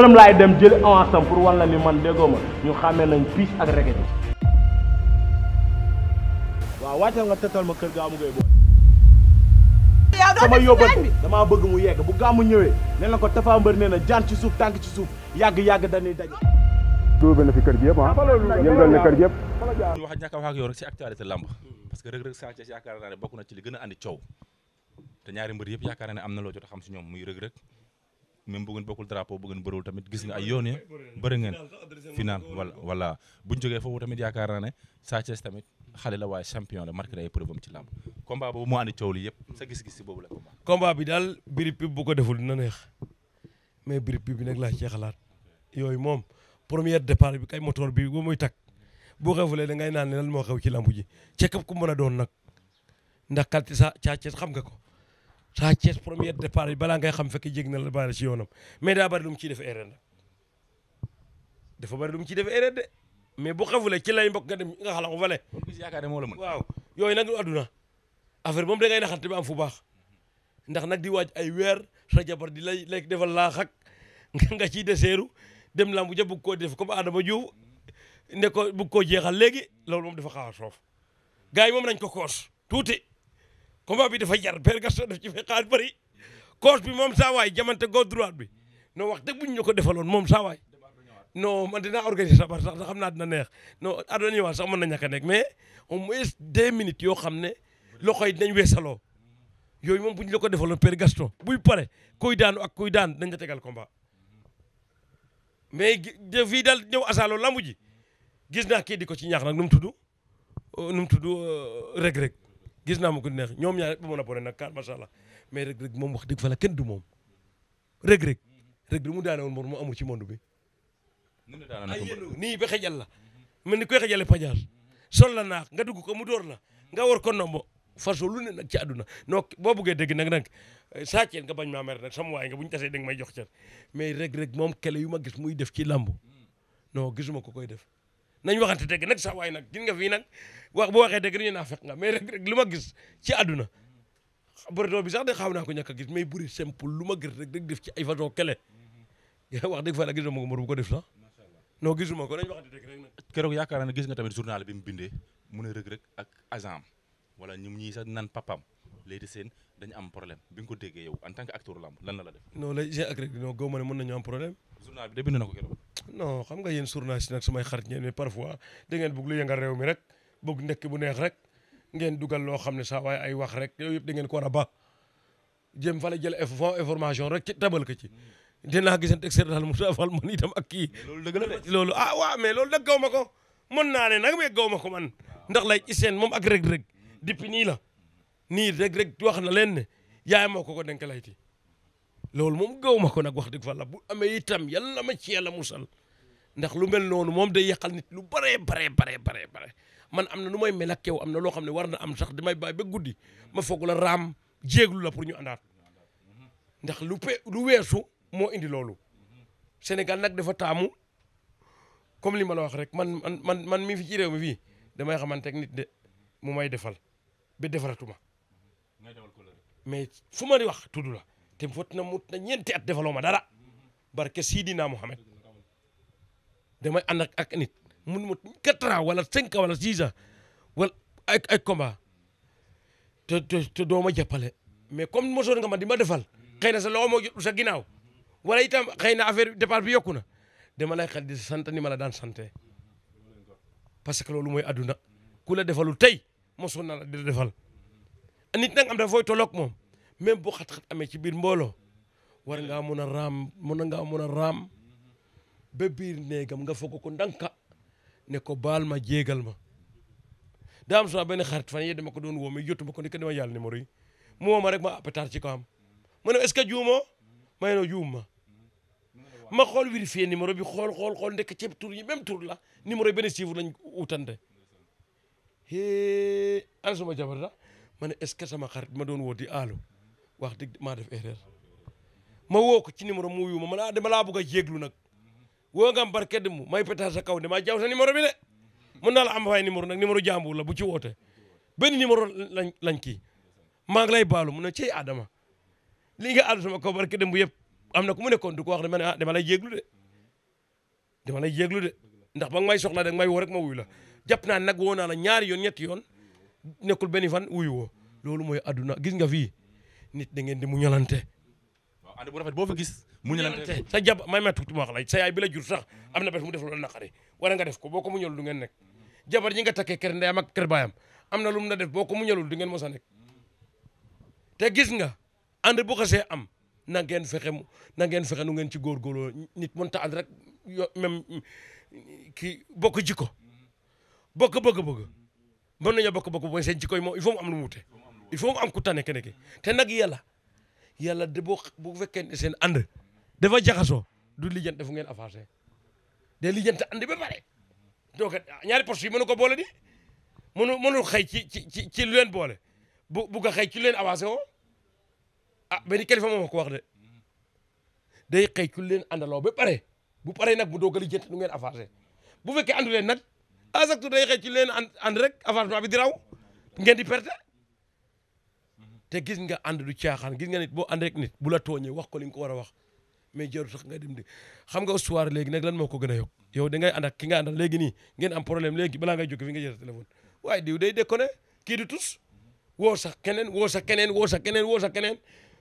këram laay dem jël avance pour wan la ni man déggoo ma ñu nañ piis ak reket bi. waaw wàccal nga tëtal ma kër gaamu ngay boole. sama yóbbal damaa bëgg mu yegg bu gaamu ñëwee nee na ko Tapha Mbeur nee na jaan ci suuf tànk ci suuf yàgg yàgg dañuy daje. duubal na fi kër yëpp ah. wax ñàkk a wax ak yow rek si actualité lamb parce que Reug Reug Sa Thiès yaakaar naa ne bokk na ci li gën a andi coow te ñaari mbër yëpp yaakaar naa ne am na loo jot xam si ñoom muy Reug Reug même bu ngeen bokkul drapeau bu ngeen bëriwul tamit gis nga ay yoon ya bëri ngeen final voilà voilà bu ñu jógee foofu tamit yaakaar naa Sa Thiès tamit xale la waaye champion la marqué ay preuve am ci làmb combat boobu moo andi coow li yëpp sa gis bi daal biri pib bu ko deful na neex mais birib pib bi nag laa cee yooyu moom première depart bi kay moteur bi ba muy takk boo xewlee da ngay naan ne lan moo xew ci làmb ji cekap ku mën a doon nag ndax kat sa Sa Thiès xam nga ko. Sa Thiès premier départ balaa ngay xam fekk jég na la baare ci yoonam mais daa bari lu mu ciy def erreur dafa bari lu mu ciy def erreur de mais bu xafulee ci lay mbokk nga dem nga xalaat ko fële. kon yaakaar ne moo la waaw yooyu nag du àdduna affaire moom da ngay naxante ba am fu baax ndax nag di waaj ay weer sa jabar di lay lekk defal laa xak nga ciy deseeru dem lambu ja bugg koo def comme Adama Diouf ne ko bugg koo jeexal léegi loolu moom dafa xaw a soof gars yi moom nañ ko koos combat bi dafa jar Père Gaston daf ci fay xaar bëri coach bi moom saa waay jamante gauche droite bi non wax dëgg bu ñu ko defaloon moom saa waay non man dinaa organiser sabar sax xam naa dina neex non adduna ñëwaat sax mën na ñàkk a nekk mais au moins deux minutes yoo xam ne loxo yi dinañ weesaloo yooyu moom bu ñu la ko defaloon Père Gaston buy pare kuy daanu ak koy daan dañ la tegal combat mais fii daal ñëw asaaloo lambu ji gis naa kii di ko ci ñaax nag nu mu tudd euh, nu mu tudd euh, reg gis naa ma ko neex ñoom ñaar ba mën a pone nag kaar macha allah mais Reug Reug moom wax dëgg fa la kenn du moom Reug Reug Reug Reug mu daane woon moom mu amul ci monde bi ay nii ba xejal la mel ni koy xejale pajaar sol la naax nga dugg ko mu door la nga war ko nombo façon lu ne nag ci àdduna noo boo buggee dégg nag nag saaceen nga bañ maa mer nag sama waay nga bu ñu tasee danga may jox cer mais Reug Reug moom kele yu ma gis muy def ci làmb non gisuma ko koy def nañ waxante dëgg nag sax waay nag gis nga fii nag wax bu waxee dëgg dañu naa fekk nga mais rek rek lu ma gis ci àdduna bëreto bi sax de xaw naa ko ñàkk a gis mais bëri simple lu ma gis rek deg def ci ay façon kele wax dëgg fa la gisuma ko mbër bu ko def sax non gisuma ko nañ waxante dëgg rek nag keroog yaakaar naa ne gis nga tamit journal bi mu bindee mu ne rëg rek ak agent wala ñum ñi sax nan papam Leydi seen dañu am problème bi ko déggee yow en tant que acteur lamb lan la def. non léegi j'ai agréé non gaw ma ne mën nañu am problème. journal bi na ko keroog. non xam nga yéen journal si nag samay xarit ñeen mais parfois da ngeen lu yëngal réew mi rek bëgg nekk bu neex rek ngeen dugal loo xam ne saa waaye ay wax rek yooyu yëpp ngeen ko war a ba jéem fa la jël information rek ci tabal ko ci. dinaa gisante ak Seydou daal mu daafal man itam ak kii. loolu dëgg la loolu ah waaw mais loolu nag gaw ma ko mën naa ne nag mais gaw ma ko man. ndax lay Iseen moom ak Reug Reug nii la nii rek rek wax na leen ne yaay moo ko ko denkalayti loolu moom gaw ma ko nag wax dëgg fa bu amee itam yàlla ma ci yàlla musal ndax lu mel noonu moom day yàqal nit lu baree baree baree baree bare man am na lu may mel ak am na loo xam ne war na am sax damay bàyyi ba guddi ma foog la raam jéeglu la pour ñu àndaat ndax lu pe lu weesu moo indi loolu Sénégal nag dafa taamu comme li ma la wax rek man man man man mi fi ci réew mi fii damay xamante nit de mu may defal ba defaratuma mais fu ma di wax tu la te fot na mu na ñeenti at defaloo ma dara barke Sidina Mohamed damay ànd ak ak nit mun mut quatre ans wala cinq ans wala six ans wala ay ay combat te te doo ma jàppale mais comme mosoon nga ma di ma defal xëy na sa loxo moo sa ginnaaw wala itam xëy na affaire départ bi yokku na dama lay xel di sant ni ma la daan sante parce que loolu mooy adduna ku la defalul tey mosoon na di defal nit nag am dafa fooy tolloog moom même boo xat-xat amee ci biir mbooloo war ngaa mun a raam mun ngaa mun a raam ba biir néegam nga foog ko ndànka nekko ko baal ma jéegal ma daa am sama benn xarit fan yii dama ko doon woo mais jotuma ko ni ko dama yàlla numéro yi mu ma rek ma appétaat ci kawam ma ne est-ce que juumoo ma ne juum ma ma xool vérifier numéro bi xool xool xool ndekk ceeb tur yi même tur la numéro yi benn chiffre lañ utante hee ana jabar la ma ne est-ce que sama xarit ma doon woo di aalu wax dëgg maa def erreur ma woo ko ci numéro mu wuyu ma ma ne dama laa bëgg a yéeglu nag woo nga am barke di mu may pétage kaw ne maa jaaw sa numéro bi de mën naa la am fay numéro nag numéro jàmbur la bu ci woote benn numéro lañ lañ kii maa ngi lay baalu mu ne cey Adama lii nga àddu sama kaw barke dem bu yëpp am na ku mu nekkoon du ko wax ne ma ne ah, dama lay jéeglu de dama lay jéeglu de ndax ba nga may soxla da may woo rek ma wuyu la jàpp naa nag woo naa la ñaari yoon ñetti yoon nekkul benn fan wuyu woo loolu mooy adduna gis nga fii nit da ngeen di mu ñalante. waaw ànd bu rafet boo fa gis. mu ñalante sa jab may ma tuuti ma wax la sa yaay bi la jur sax am na bés mu def loolu naqari wala nga def ko boo ko mu ñalul du ngeen nekk. jabar ji nga takkee kër ndeyam ak kër baayam am na lu mu la def boo ko mu ñalul du ngeen mos a nekk te gis nga ànd bu xasee am. na ngeen fexe mu na ngeen fexe nu ngeen ci góorgóorloo nit mën ta ànd rek yo même kii bokk jikko bokk bëgg-bëgg mën nañoo bokko bokko mooy seen jikko yi moom il faut mu am lu mu wute il faut mu am ku tane keneen te nag yàlla yàlla de boo bu fekkee seen ànd dafa jaxasoo du lijjante fu ngeen avancé day lijjante ànd ba pare donc ñaari poste yi mënu ko boole di mënu mënu xëy ci ci ci lu leen boole bu bu ko xëy ci leen avancé woo ah benn kilifa moom ko wax de day xëy leen àndaloo ba pare bu paree nag bu doog a lijjante du ngeen avancé bu fekkee àndu leen nag. asaktu day xëy ci leen ànd rek avancement bi di raw ngeen di perte te gis nga ànd du caaxaan gis nga nit boo ànd rek nit bu la tooñee wax ko li nga ko war a wax mais jaru sax nga dem de xam nga histoire léegi nag lan moo ko gën a yokk yow da ngay ànd ak ki nga àndal nii ngeen am problème léegi balaa ngay jóge fi nga jël téléphone waaye diw day déconné kii du tus woo sax keneen woo sax keneen woo sax keneen woo sax keneen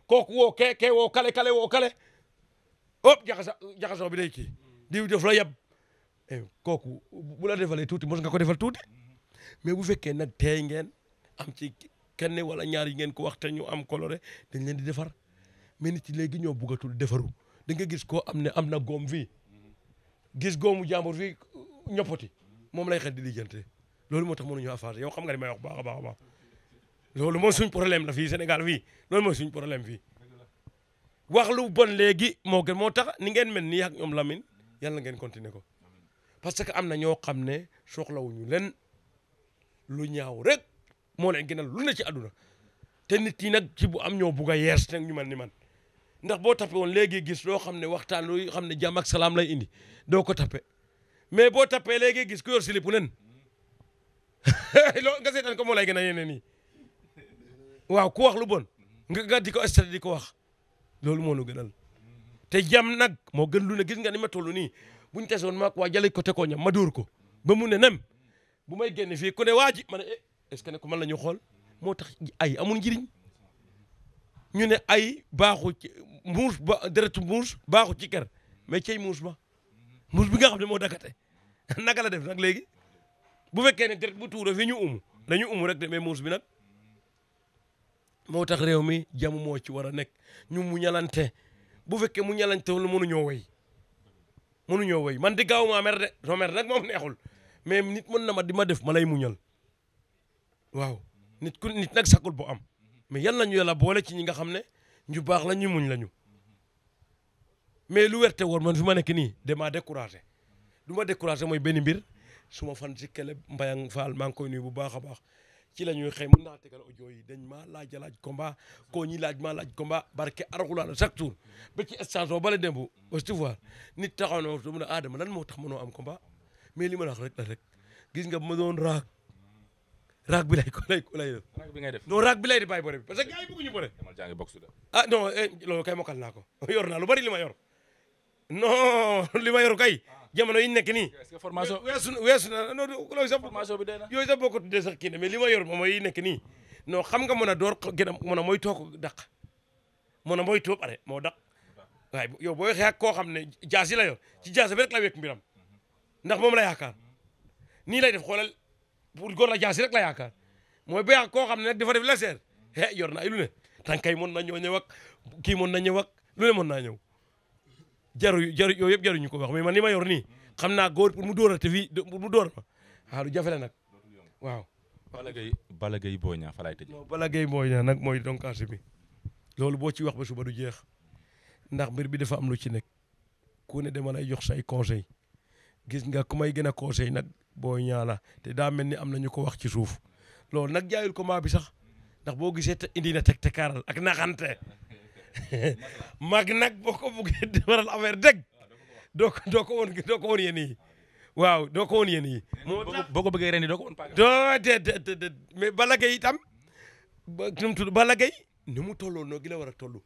kooku woo kee kee woo kale kale woo kale hop jaxasa jaxasoo bi day kii diw def la yab Eh, kooku bu la defalee tuuti mos nga ko defal tuuti mais bu fekkee nag teey ngeen am ci kenn wala ñaar yi ngeen ko wax te ñu am coloré dañ leen di defar mais nit ci léegi ñoo bëggatul defaru da gis ko am ne am na góom fii gis góomu jàmbur fii ñoppati moom lay xel di diggante loolu moo tax mënuñu affaire yow xam nga ni may wax baax baax baax loolu moo suñ problème la fii Sénégal fii loolu mooy suñ problème fii wax lu bon léegi moo gën moo tax ni ngeen mel nii ak ñoom Lamine yàlla ngeen continuer ko parce que am na ñoo xam ne soxlawuñu len lu ñaaw rek moo leen gënal lu ne ci àdduna te nit yi nag ci bu am ñoo bugg a yees nag ñu man ni man ndax boo tappe woon léegi gis loo xam ne waxtaan lu xam ne jàmm salaam lay indi doo ko tappe mais boo tappee léegi gis ku yor silipu nen loo nga seetaan ko moo lay gën a yeneen yi waaw ku wax lu bon nga nga di ko di ko wax loolu moo nu gënal te jam nag moo gën lu ne gis nga ni ma toll nii bu ñu tesoon maag waa jale ko te koo ñam ma dóor ko ba mu ne nem bu may génn fii ku ne waa ji ma ne eh, est-ce que ne ko mën la ñu xool moo tax ay amul njëriñ ñu ne ay baaxu ci muus ba deretu muus baaxu ci ker mais cey muus ba muus bi nga xam ne moo dakate naka la def nag léegi bu fekkee ne deret bu tuura fi ñu umu dañu umu rek de mais muus bi nag moo tax réew mi jàmm moo ci war a nekk ñu mu ñalante bu fekkee mu ñalante wala mënuñoo way mënuñoo woy man di gaaw maa mer de soo mer nag moom neexul mais nit mën na ma di ma def ma lay muñal waaw nit ku nit nag sakul bu am mais yal nañu yàlla boole ci ñi nga xam ne ñu baax la ñu muñ la ñu mais lu werte woon man fi ma nekk nii damaa découragé du ma découragé mooy benn mbir suma fan si kële Mbayang Fall maa ngi koy nuyu bu baax a baax ci la ñuy xëy mën naa tegal audio yi dañ maa laaj laaj combat koo laaj maa laaj combat barke araxulaana chaque jour ba ci station bala démb parce que tu vois nit taxaw na su mu ne Adama lan moo tax mënoo am komba mais li ma la wax rek la rek gis nga ma doon raak raak bi ko lay ko lay def. raak bi ngay def non raak bi lay def parce que gars yi bëgguñu bëre. dama jàngi box ah, eh, kay mokkal naa ko yor naa lu bari li ma yor non li ma yor kay. jamono yi ñu nekk nii. est-ce que formation weesu weesu na non loolu sax. formation bi dee na yooyu sax boo ko tuddee sax kii na mais li ma yor moom mooy yi nekk nii non xam nga mën a door gën a mën a mooy toog daq mën a mooy toob are moo daq waaye yow boo waxee ak koo xam ne jaas yi la yor ci jaas bi rek la wekk mbiram ndax moom la yaakaar nii lay def xoolal pour góor la jaas yi rek la yaakaar mooy ba koo xam ne nag dafa def la seer yor na ay lu ne tànkay mën na ñëw ñëw ak kii mën na ñëw ak lu ne mën naa ñëw jaru jaru yooyu yëpp jaruñu ko wax mais man li ma yor ni xam naa góor pour mu dóoral te fii mu dóor ma waaw lu nag waaw. Balla Gaye Balla Gaye Boy Niang fa laay tëjee. non Balla Gaye nag mooy donkaase bi loolu boo ci wax ba suba du jeex ndax mbir bi dafa am lu ci nekk ku ne dama lay jox say conseil gis nga ku may gën a conseil nag Boy Niang la te daa mel ni am na ko wax ci suuf loolu nag jaayul combat bi sax ndax boo gisee indi na teg te kaaral ak naxante. mag nag boo ko buggee defaral affaire dëgg doo ko doo ko woon doo ko woon yéen yi waaw doo ko woon yéen yi. moo tax boo ko bëggee ren doo ko woon paaka. doo mais Balla Gaye itam ba nu mu tudd Balla Gaye ni mu tolloo noo gi la war a toll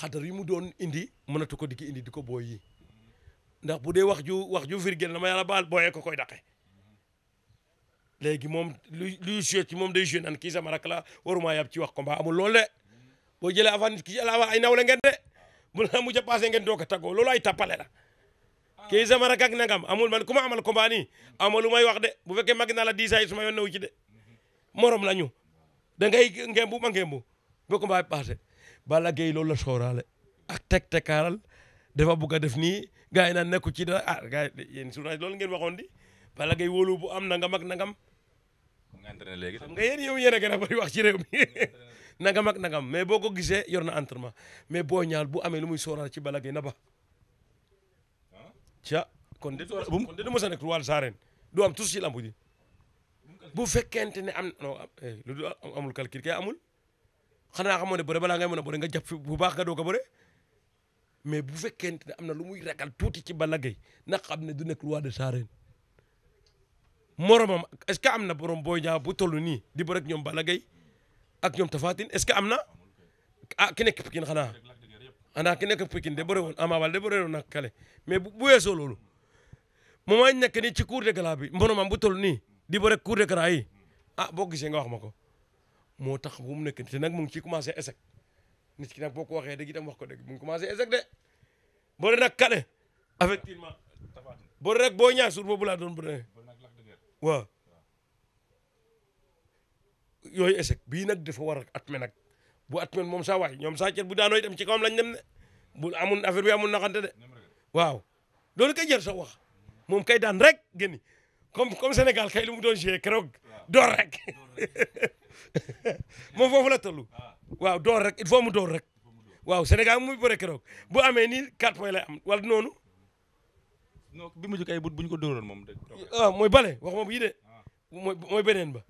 xadar yi mu doon indi mënatu ko di indi di ko booy yi ndax bu dee wax ju wax ju firgel na ma yàlla baal booyee ko koy daqe. léegi moom luy luy joué ci moom day joué naan kii sama rak la waruma yab ci wax combat amul loole boo jëlee avant nit ki avant ay nawle ngeen de bu la mujj a ngeen doog a tàggoo loolu ay tappale la ah. kii sama rakk ak nangam amul man ku ma amal combat nii amalu may wax de bu fekkee mag naa la dix ans yi su ma yoon de morom la ñu da ngay ngembu ma ngembu ba combat bi passé Balla loolu la sooraale ak teg tekaaral dafa bugg a def nii ga yi naan nekku ci dara ah gars yi yéen journaliste loolu ngeen waxoon di Balla Gaye wóolu bu am nangam ak nangam. nga entraîné léegi xam nga yéen yow yéen a gën a bëri wax ci réew mi. nangam ak nangam mais boo ko gisee yor na entraînement mais Boy Niang bu amee lu muy sóoraal ci Balla Gaye na ba ah. ca kon de kon de du a nekk wàllu saareen du am tus ci lamb ji bu fekkente ne am non eh, amul calcul kay amul ne bëre balaa ngay mën a bëre nga jàpp bu baax nga doog a bëre mais bu fekkente ne am na lu muy ragal tuuti ci Balla Gaye na xam ne du nekk roi de saareen moromam est-ce que am na borom Boy Niang bu toll nii di bëre ak ñoom Balla Gaye ak ñoom Tapha Tine ce que am na a ah, ki nekk Pikine xanaa xanaa ki nekk Pikine de bëre woon Ama Baldé de bëre woon ak kale mais bu weesoo loolu moment ñu nekk nii ci cour de gala bi mbonomam bu toll nii di bëre cour de gala yi ah boo gisee nga wax ma ko moo tax bu mu nekk te nag mu ngi ciy commencé échec nit ki nag boo ko waxee dëgg itam wax ko dëgg mu ngi commencé échec de bëre nag kale effectivement bëre rek boo ñaar suur boobu laa doon bëre waaw yooyu échec bii nag dafa war at me nag bu at men moom saa waay ñoom saa bu daanoo dem ci kawam lañ dem ne bu amul affaire bi amul naxante de waaw loolu kay jar sax wax moom kay daan rek génni comme comme Sénégal kay lu mu doon joué keroog door rek moom foofu la toll ah. waaw door rek it faut mu door rek waaw Sénégal muy bëre keroog bu amee ni 4 points lay am wala noonu. non bi mujj kay bu buñ ko dóoroon moom de. ah bale wax moom yi de. mooy beneen ba.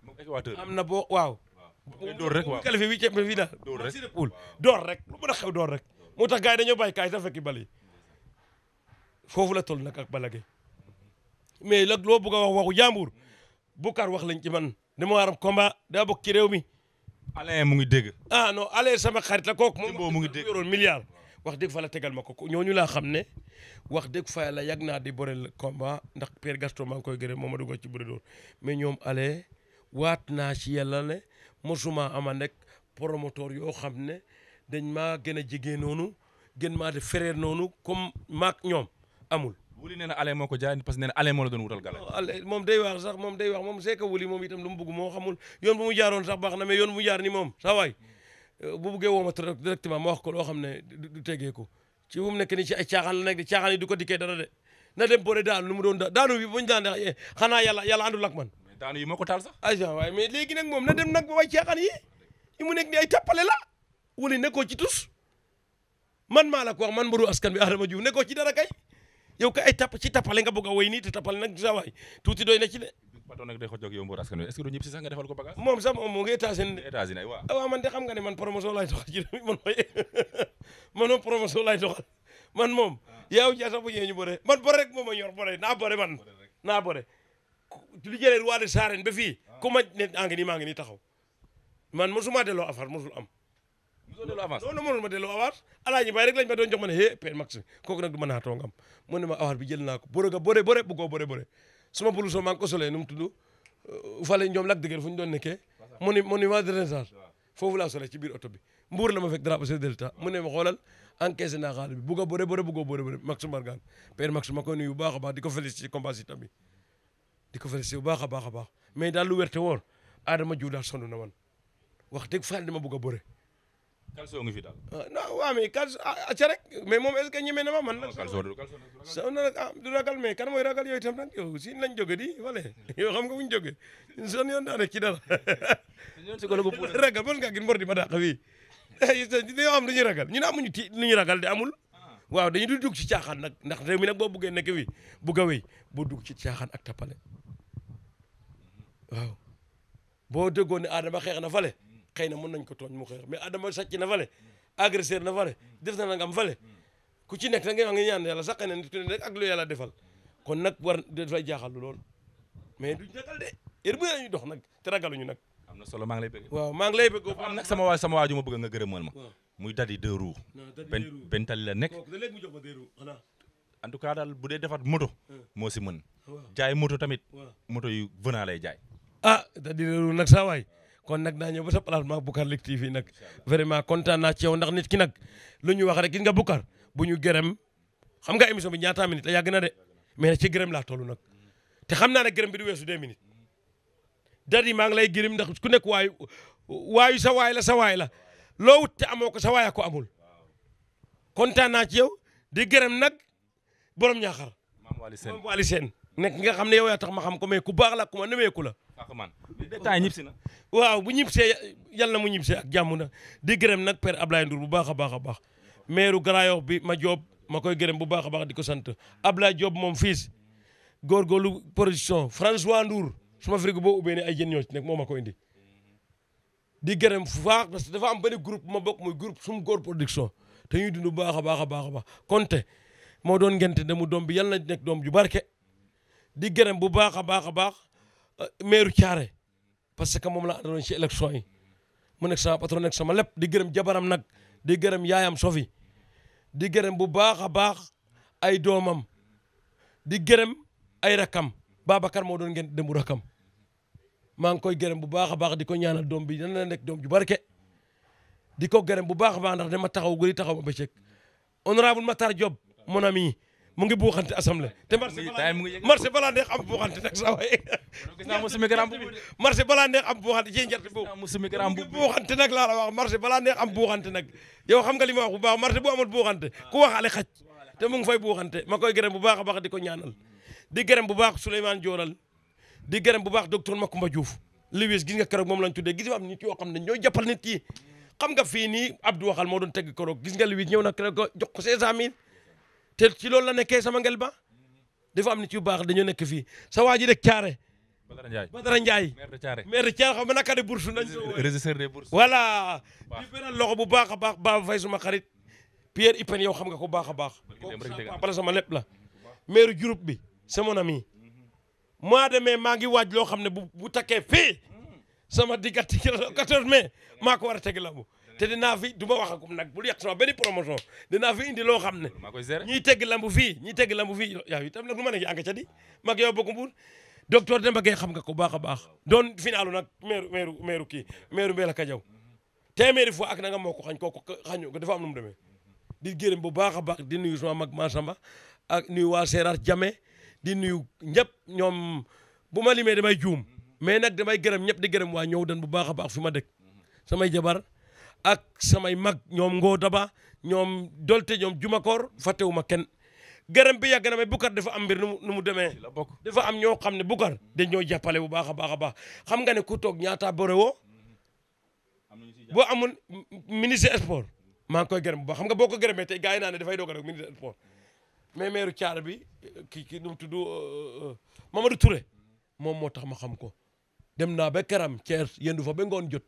am na boo waaw. door rek waaw qualifié huitième bi daal. door rek door rek lu mën a xew door rek. moo tax gars yi dañoo bàyyi kaay sax fekki bal foofu la toll nag ak Balla Gaye loo bëgg a wax waxu jàmbur Boucar wax lañ ci man dama waram combat daa bokk ci réew mi. Alain mu ngi dégg. ah non Alain sama xarit la kooku. moom mu ngi dégg yoroon wax dëgg fa la tegal ma ko ñooñu laa xam ne wax dëgg fa la yàgg naa di borel combat ndax Pierre Gaston maa ngi koy gërëm moom ma dugg ci bëri doon mais ñoom ale waat naa ci yàlla ne mosuma ama nekk promoteur yoo xam ne dañ maa gën a jege noonu gën maa di fereer noonu comme maak ñoom amul. wuli nee na ale moo ko jaay parce que nee na ale moo la doon wutal gala. moom day wax sax moom day wax moom c'est que wuli moom itam lu mu moo xamul yoon bu mu jaaroon sax baax na mais yoon bu mu jaar ni moom saa bu buggee woo ma directement ma wax ko loo xam ne du tegee ko ci bu mu nekk ci ay caaxaan la nekk di caaxaan yi du ko dikkee dara de na dem boole daanu nu doon daanu bi bu ñu daan eh, xanaa yàlla yàlla àndul ak man. mais daanu yi ko taal sax. aywa waaye mais léegi nag moom na dem nag way caaxaan yi yi mu nekk nii ay tappale la wala nekkoo ci tus man maa la ko man mbaru askan bi Adama Diouf nekkoo ci dara kay yow kay ci tappale nga bëgg a woy nii te tappale nag saa waay tuuti doy na ci de. patron nag day xoj ak yow mboor ko bagage. moom sax moom moo ngi États-Unis états man de xam nga ne man promotion laay doxal man moom promotion laay doxal man bu ñëwee ñu bëre man bëre rek moom a ñor bëre naa bëre man naa bëre. li jëlee roi de Sarène ba fii ah. ku ma ne maa ngi nii maa ngi nii taxaw man mosuma delloo avance mosul am. mosoo delloo avance non non mënul ma delloo avance alaaji bay rek lañ ma doon jox ma ne hé Père Max kooku nag du ma naatoo nga am mu ma avance bi jël naa ko bëre nga bëre bëre bu ko bëre suma production maa ngi ko solee euh, fale ñoom lak dëgër fu ñu doon nekkee moni monument de renaissance foofu laa solee ci biir oto bi mbuur la ma fekk drapeau chef de mu ne ma xoolal encaissé naa xaalis bi bugg a bëre bëre buggoo bëre bëre Max Mbargane père Max ma koy baax a baax di ko félicité ci combat si tamit di ko félicité bu baax a baax a baax mais daal lu werte woor Adama Diouf daal sonn na man wax dëgg faal dama ma a bëre Calcio ngi fi daal. Ah, non waaw mais Calcio acca ah, ah, mais moom est-ce que na ma man. non Calcio du ragal Calcio du ragal du ragal mais kan mooy ragal yooyu tam nag yow si lañ jóge di wala yow xam nga fu ñu jóge son yoon daanaka ci dara. ñoom si golo ragal bon nga gis mbor di ma dàq fii dañoo am lu ñuy ragal ñu ne amuñu ti lu ñuy ragal di amul. waa dañu du dugg ci caaxaan nag ndax réew mi nag boo buggee nekk wi bugg a wéy boo dugg ci caaxaan ak tapale mm-hmm. waaw boo déggoon ne Adama xeex na fale xëy na mën nañ ko tooñ mu xeex mais adama sàcc na fale agresseur na fale def na nangam fale ku ci nekk da nga ñaan yàlla sax xëy na nit ku ne rek ak lu yàlla defal kon nag war dafay jaaxal lool mais duñ ragal de heure bu ñu dox nag nag. am na solo maa ngi lay bëgg. waaw maa ngi lay bëgg. am nag sama waa sama waaju ma bëgg nga gërëmal ma. muy dadi deux roues. benn benn tali la nekk. en tout cas daal bu dee defar moto. moo si mën. jaay moto tamit. moto yu venant lay jaay. ah dadi deux roues nag saa waay kon nag naa ñëw ba sa placement Boucar Lutte TV nag vraiment kontaan naa ci ndax nit ki nag lu ñu wax rek gis nga Boucar bu ñu gërëm xam nga émission bi ñaata minutes la yàgg na de mais ci gërëm laa tolu nag te xam naa ne gërëm bi du weesu deux minutes dadi maa ngi lay gërëm ndax ku nekk waayu waayu sa waay la sa waay la loo wut te amoo ko sa waay ko amul kontaan naa ci yow di gërëm nag borom ñaaxar. maam Waly Sène maam Waly Sène nekk nga xam ne yow yaa tax ma xam ko mais ku baax la ku ma nëmeeku la. Sakho détail ñibsi na. waaw bu ñibsee yal na mu ñibsee ak jàmm na di gërëm nag père Ablaye Ndour bu baax a baax a baax maire Grand Yoff bi ma joob ma koy gërëm bu baax a baax di ko sant Ablaye Diop moom fils góorgóorlu production François Ndour suma frigo boo ubbee ne ay jën ñoo ci nekk moo ma ko indi. di gërëm faax parce que dafa am benn groupe ma bokk muy groupe sum góor production te ñuy dund bu baax a baax a baax a baax konte moo doon ngente ne mu doom bi yal na nekk doom ju barke. di gërëm bu Euh, meeru Thiaré parce que moom la àndaloon ci élection yi mu nekk sama patron nekk sama lépp di gërëm jabaram nag di gërëm yaayam Sofi di gërëm bu baax a baax ay doomam di gërëm ay rakam Babacar moo doon ngeen dembu rakam maa ngi koy gërëm bu baax a baax di ko ñaanal doom bi dana la nekk doom ju barke di ko gërëm bu baax a baax ndax dama taxaw gëri taxaw ba bëccëg honorable Matar Diop mon ami mu ngi buuxante assemblée te marché marché balaa neex am buuxante nag saa waay marché balaa neex am buuxante ci njarte boobu mu ngi buuxante nag laa la wax marché am buuxante nag yow xam nga li ma wax bu baax marché bu amul buuxante ku waxaale xaj te mu ngi fay buuxante ma koy gërëm bu baax a baax di ko ñaanal di gërëm bu baax Souleymane Dioral di gërëm bu baax gis nga keroog moom lañ tuddee gis nga am nit yoo xam ne ñooy jàppal nit yi xam nga fii nii Abdou waxal moo doon tegg keroog gis nga Lewis ñëw na keroog jox ko 500000 te ci loolu la nekkee sama ngel ba dafa am nit yu baax dañoo nekk fii sa waa ji rek caare. Badara Ndiaye Badara Ndiaye. maire de Thiaré maire de Thiaré xam nga naka de bourse nañ. régisseur des bourses. voilà. di beral loxo bu baax a baax Ba Faye suma xarit. Pierre Ipen yow xam nga ko baax a baax. bala sama lépp la. maire Diouroup bi c'est mon ami. mois de mai maa ngi waaj loo xam ne bu bu takkee fii. Mm. sama diggante ci 14 mai maa ko war a teg la bu te dinaa fi du ma wax akum nag bul yàq sama benn promotion dinaa fi indi loo xam ne. ñiy tegg lambu fii ñiy tegg lambu fi yow itam nag lu ma nekk yaa ngi ca di mag yow bokk mbuur docteur Demba Gueye xam nga ko baax a baax doon finalu nag meeru meeru meeru kii meeru Mbella Kadiaw téeméeri fois ak nanga moo ko xañ kooku xañu ko dafa am nu di gërëm bu baax a baax di nuyu sama mag ma ak nuyu waa Seeraar Jame di nuyu ñëpp ñoom bu ma limee damay juum mais nag damay gërëm ñëpp di gërëm waa ñëw dan bu baax a baax fi ma dëkk samay jabar ak samay mag ñoom ngoo daba ñoom dolte ñoom jumakoor fàttewuma kenn gërëm bi yàgg na mais Boucar dafa am mbir nu mu nu mu demee dafa am ñoo xam ne Boucar dañoo jàppale bu baax a baax a baax xam nga ne ku toog ñaata borewoo mm-hmm. boo amun ministre sport maa ngi koy gërëm bu baax xam nga boo ko gërëmee tey gars yi naa dafay doog a rek ministre sport mais maire Thiar bi ki ki nu mu tudd euh, euh, Mamadou Touré moom moo tax ma xam ko dem naa ba Karam Thiès yendu fa ba ngoon jot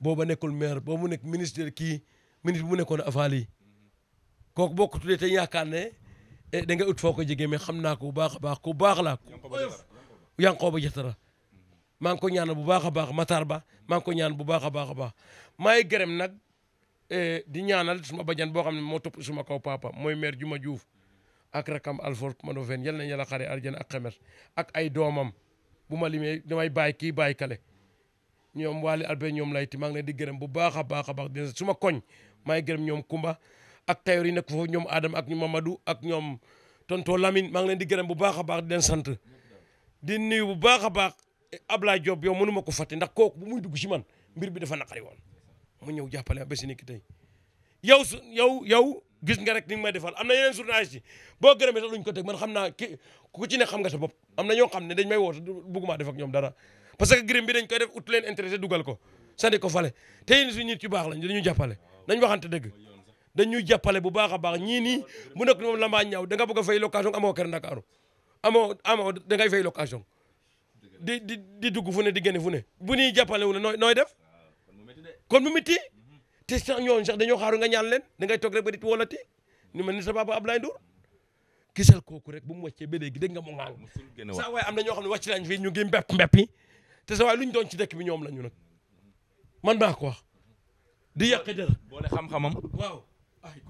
booba nekkul maire ba mu nekk ministre kii ministre bu mu nekkoon avant lii kooku boo ko tuddee te yaakaar ne eh, da nga ut foo ko jege mais xam naa ko bu baax a baax ku baax laa ko Yankhoba Diattara maa ngi ko ñaanal bu baax a baax Matar Ba maa ngi ko ñaan bu baax a baax a baax maa ngi gërëm nag eh, di ñaanal suma bajan boo xam ne moo topp suma kaw papa mooy maire Juma Diouf ak rakam Alfort Manoven yal nañu yàlla xare arjana ak xemer ak ay doomam bu ma limee damay bàyyi kii bàyyi ñoom Waly Albert ñoom layti maa ngi leen di gërëm bu baax a baax a baax di su ma koñ maay gërëm ñoom Kumba ak tayoor yi nekk foofu ñoom Adama ak ñu Mamadou ak ñoom tonto Lamine maa ngi leen di gërëm bu baax a baax di leen sant di nuyu bu baax a baax Ablaye Diop yow mënu ma ko fàtte ndax kooku bu muy dugg ci man mbir bi dafa naqari woon mu ñëw jàppale ba si nekk tey yow su yow yow gis nga rek ni nga may defal am na yeneen journaliste boo gërëmee sax luñ ko teg man xam naa ki ku ci ne xam nga sa bopp am na ñoo xam ne dañ may woote bëgguma def ak ñoom dara parce que grim bi dañ koy def ut leen intéressé dugal ko sandi ko fale te yéen suñu nit yu baax lañ dañu jàppale nañ waxante dëgg dañuy jàppale bu baax a baax ñii nii bu nekk moom lambaa ñaaw da nga bëgg a fay location amoo kër Ndakaaru amoo amoo da ngay di di dugg fune di génne fu bu ñuy jàppale wu ne nooy nooy def kon mu métti te sax ñooñu sax dañoo xaaru nga ñaan leen da ngay toog rek ba di wolati ni ma ni sa papa Ablaye Ndour kooku rek bu mu wàccee ba léegi dégg nga mu ŋaang saa waaye am na ñoo xam ne wàcc nañ fii ñu ngi mbepp mbeppi te sa waay lu ñu doon ci dëkk bi ñoom la ñu nag man maa ko di yàq dara. boole xam-xamam. waaw.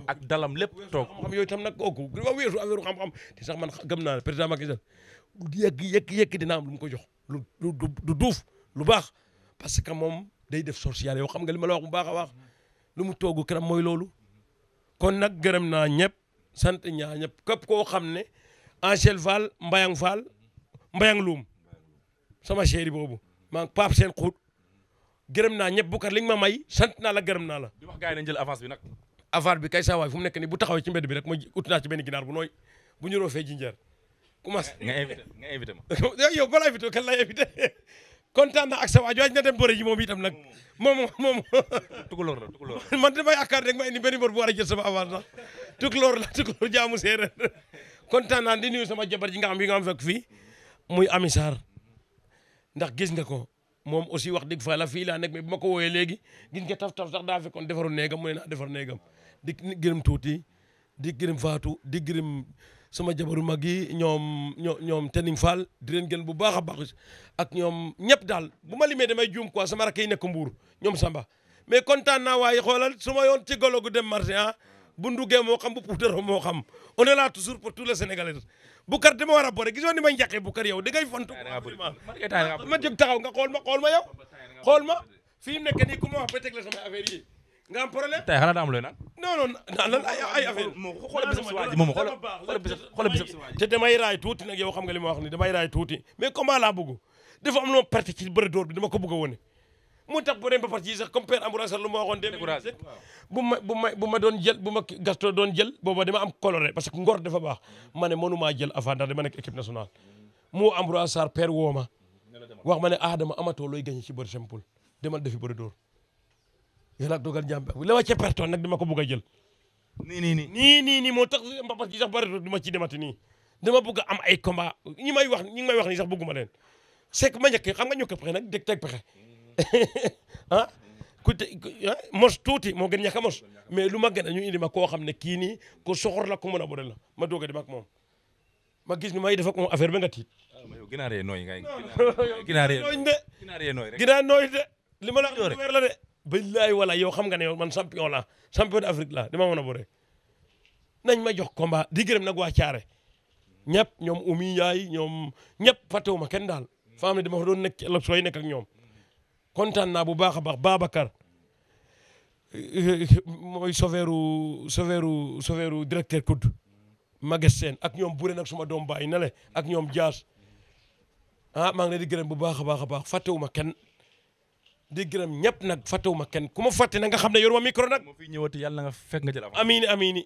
ak dalam lépp toog xam-xam yooyu tam nag kooku dafa weesu affaire xam-xam te sax man gëm naa ne président Macky Sall yëkk yëkk yëkk dina am lu mu ko jox lu du duuf lu baax parce que moom day def social yow xam nga li ma la wax mu baax a baax lu mu toogu kanam mooy loolu kon nag gërëm naa ñëpp sant ñaa ñëpp képp koo xam ne Angel Fall Mbayang Fall Mbayang Loum sama chéri boobu maa ngi paaf seen xuut gërëm naa ñëpp bu kat li nga ma may sant naa la gërëm naa la. di wax gars yi nañ jël avance bi nag. avance bi kay saa waay fu mu nekk bu taxawee ci mbedd bi rek ma ut naa ci benn ginaar bu nooy bu ñu roofee jinjeer. commencé nga invité nga invité ma. yow bala invité kan lay invité kontaan na ak sa waaj waaj na dem bëre ji moom itam nag moom moom. tukulóor la tukulóor man damay yaakaar rek ma indi benn bor bu war a jël sama avance la tukulóor la tukulóor jaamu séeréer kontaan naa di nuyu sama jabar ji nga am bi nga am fekk fii muy Ami Sarr ndax gis nga ko moom aussi wax dëgg fa la fii laa nekk mais bu ma ko wooyee léegi gis nga taf taf sax daa fekkoon defaru néegam mu ne naa defar néegam di gërëm tuuti di gërëm faatu di gërëm sama jabaru mag yi ñoom ñoom ñoom Tening Fall di leen gën bu baax a baax ak ñoom ñëpp daal bu ma limee damay juum quoi sama rakk yi nekk Mbuur ñoom Samba mais kontaan naa waaye xoolal su ma yoon ci golo gu dem marché ah bu nduggee moo xam bu puudaroo moo xam on est là toujours pour tous Boucar dama war a boole gisoo ma njaqee Boucar yow da ngay fontu ma jóg taxaw nga xool ma xool ma yow xool ma fi mu nekk nii ma wax ba teg la sama affaire yi nga am problème tey xanaa lan ay ay affaire xool moom xool xool tuuti nag yow xam nga li ma wax ni damay raay tuuti mais combat laa bëgg lu ma perte ci bëri door bi dama ko bëgg wone mu tax bu dee mbapat yi sax comme père Ambroise lu ma waxoon. découragé bu ma bu ma doon jël bu ma gasto doon jël booba dama am coloré parce que ngor defa baax ma ne mënumaa jël avant ndax dama nekk équipe nationale. mu Ambroise Sarr père woo ma wax ma ne Adama ah, amatoo looy gagné ci bëri simple demal defi bëri dóor yàlla ak dogal jàmm la ma ca pertoon nag dama ko bëgg a jël. nii nii nii nii nii nii moo tax mbapat yi sax bëri du ma ci demati nii dama bëgg am ay combat ñi may wax ñi may wax nii sax bëgguma leen c'est que ma njëkk xam nga ñëkk pexe nag dégg teg pexe ah ku te ah, mos tuuti moo gën ñàkk a mos mais lu ma gën a ñu indi ma koo xam ne kii nii ko soxor la ko mën a bëri la ma doog a dem ak moom ma gis ni may def ak moom affaire bi nga tiit. Ah, ginaar yee nooy ngay ginaar yee nooy de. ginaar yee nooy rek li ma la weer la de. billaay wala yow xam nga ne yow man champion la champion d'Afrique la dama mën a bëre nañ ma jox combat di gërëm nag waa Caare ñëpp ñoom Oumy Ndiaye ñoom ñëpp fàttewuma kenn daal. femme yi dama fa doon nekk sooy nekk ak ñoom. kontaan naa bu baax a baax Babacar mooy soveeru soveeru soveeru directeur COUD magasin ak ñoom Bouré nag suma doom bàyyi na le ak ñoom jaas ah maa ngi leen di gërëm bu baax a baax a baax fàttewuma kenn di gërëm ñëpp nag fàttewuma kenn ku ma fàtte na xam ne yoruma micro nag. moo fi ñëwati yàlla nga fekk nga jël affaire. amiin amiin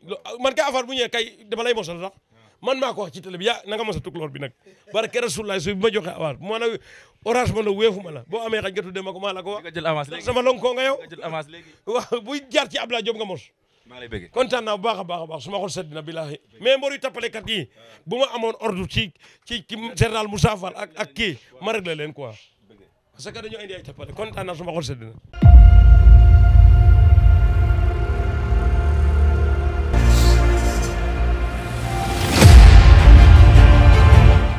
man kay bu ñëwee dama lay mosal sax. man maa ko wax ci télé bi yaa na nga mos a bi nag barke Rasulullah su bi ma joxe avance bu ma la orange ma la weefu ma la boo amee xaj nga tuddee ma ko maa la ko wax. nga jël ci Abdoulaye Diop nga mos. maa lay bëggee bu baax a baax a baax su ma xool sedd na billahi mais mbor yu tappalekat yi bu ma amoon ordre ci ci ci général Moussa Fall ak ak kii ma réglé leen quoi parce que dañoo indi ay tappale kontaan naa ma xool sedd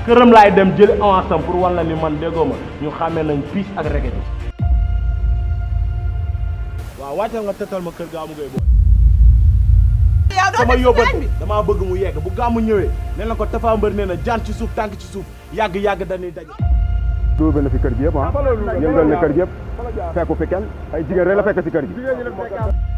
këram laay dem jël avance pour wan la ni man déggoo ma ñu xàmmee nañ piis ak rege bi waaw wàccal nga tëtal ma kër gaamu ngay booy sama yóbbal damaa bëgg mu yegg bu gàmmu ñëwee nee na ko Tapha Mbeur nee na jaan ci suuf tànk ci suuf yàgg-yàgg dañuy daj duube na fi kër gi yëpp ah yëngal na kër gi yëpp fekku fi kenn ay jigéen rek la fekk si kër gi